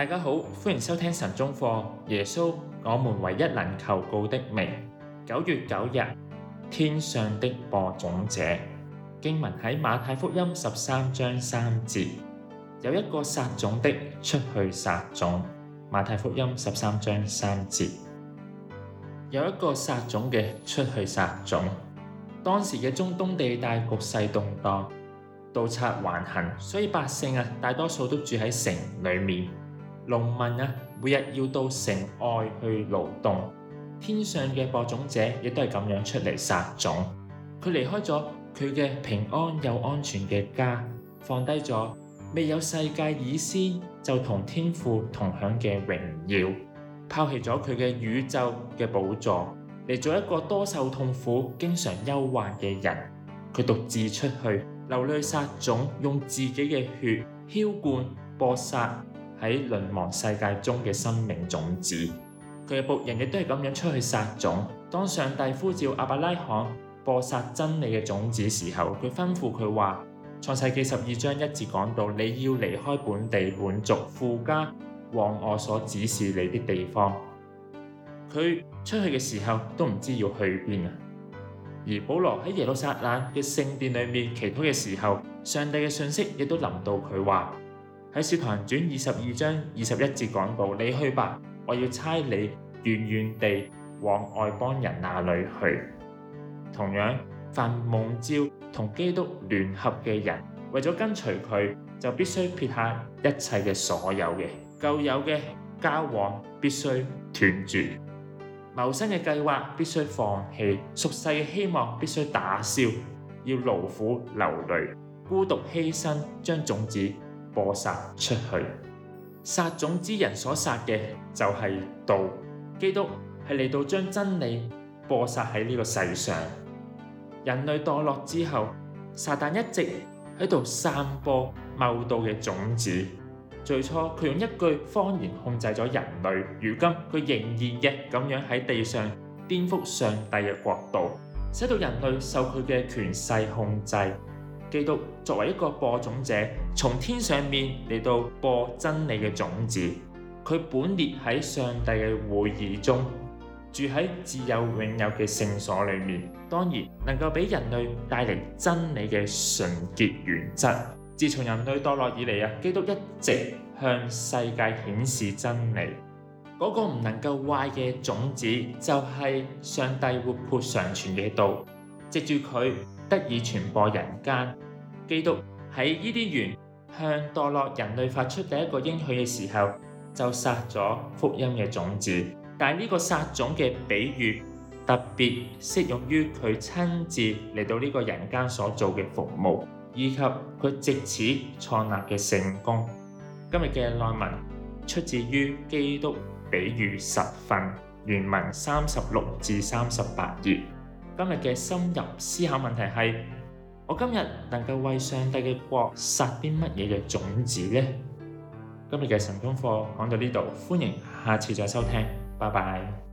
大家好，歡迎收聽晨鐘課。耶穌，我們唯一能求告的名。九月九日，天上的播種者。經文喺馬太福音十三章三節，有一個撒種的出去撒種。馬太福音十三章三節，有一個撒種嘅出去撒種。當時嘅中東地帶局勢動盪，盜賊橫行，所以百姓啊，大多數都住喺城裏面。農民啊，每日要到城外去勞動。天上嘅播種者亦都係咁樣出嚟撒種。佢離開咗佢嘅平安又安全嘅家，放低咗未有世界以先就同天父同享嘅榮耀，拋棄咗佢嘅宇宙嘅寶座，嚟做一個多受痛苦、經常憂患嘅人。佢獨自出去流淚撒種，用自己嘅血澆灌播撒。喺淪亡世界中嘅生命種子，佢嘅僕人亦都係噉樣出去撒種。當上帝呼召亞伯拉罕播撒真理嘅種子時候，佢吩咐佢話：創世記十二章一節講到，你要離開本地本族父家，往我所指示你的地方。佢出去嘅時候都唔知要去邊。而保羅喺耶路撒冷嘅聖殿裏面祈禱嘅時候，上帝嘅信息亦都臨到佢話。喺小堂轉二十二章二十一節講到：「你去吧，我要差你遠遠地往外邦人那裡去。」同樣，凡蒙召同基督聯合嘅人，為咗跟隨佢，就必須撇下一切嘅所有的舊有嘅交往，謀必須斷絕謀生嘅計劃，必須放棄俗世嘅希望，必須，必須打消要勞苦、流淚、孤獨犧牲，將種子，播撒出去，撒種之人所撒嘅就係道。基督係嚟到將真理播撒喺呢個世上。人類墮落之後，撒旦一直喺度散播謬道嘅種子。最初佢用一句方言控制咗人類，如今佢仍然日日咁樣喺地上顛覆上帝嘅國度，使到人類受佢嘅權勢控制。基督作為一個播種者，從天上面嚟到播真理嘅種子，佢本列喺上帝嘅會議中，住喺自有永有嘅聖所裏面，當然能夠俾人類帶嚟真理嘅純潔原則。自從人類墮落以嚟啊，基督一直向世界顯示真理。嗰、那個唔能夠壞嘅種子，就係上帝活潑常存嘅道，藉住佢，得以傳播人間，基督喺呢啲園向墮落人類發出第一個應許嘅時候，就撒咗福音嘅種子。但係呢個撒種嘅比喻，特別適用於佢親自嚟到呢個人間所做嘅服務，以及佢藉此創立嘅聖工。今日嘅內文出自於基督比喻實訓原文三十六至三十八頁。今日嘅深入思考問題係：我今日能夠為上帝嘅國撒啲乜嘢嘅種子呢？今日嘅晨功課講到呢度，歡迎下次再收聽，拜拜。